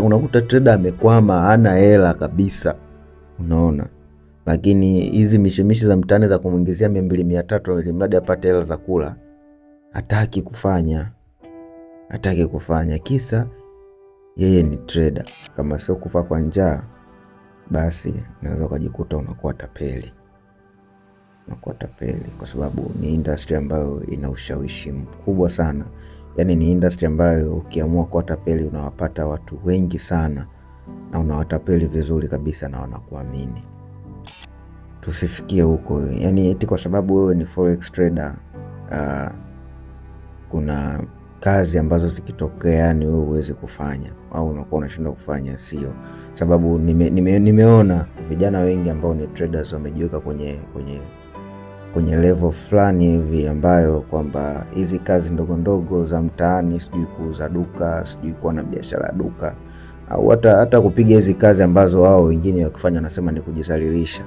unakuta trader amekwama, hana hela kabisa, unaona. Lakini hizi mishimishi za mtaani za kumwingizia mia mbili mia tatu ili mradi apate hela za kula, hataki kufanya, hataki kufanya. Kisa yeye ni trader. Kama sio kufa kwa njaa, basi naweza ukajikuta unakuwa tapeli, unakuwa tapeli, kwa sababu ni industry ambayo ina ushawishi mkubwa sana yani ni industry ambayo ukiamua kuwatapeli unawapata watu wengi sana na unawatapeli vizuri kabisa na wanakuamini. Tusifikie huko, yani eti kwa sababu wewe ni forex trader uh, kuna kazi ambazo zikitokea ni yaani wewe huwezi kufanya au unakuwa unashindwa kufanya, sio sababu. Nime, nime, nimeona vijana wengi ambao ni traders wamejiweka kwenye kwenye kwenye level fulani hivi ambayo kwamba hizi kazi ndogo ndogo za mtaani, sijui kuuza duka, sijui kuwa na biashara ya duka, au hata hata kupiga hizi kazi ambazo wao wengine wakifanya wanasema ni kujizalilisha.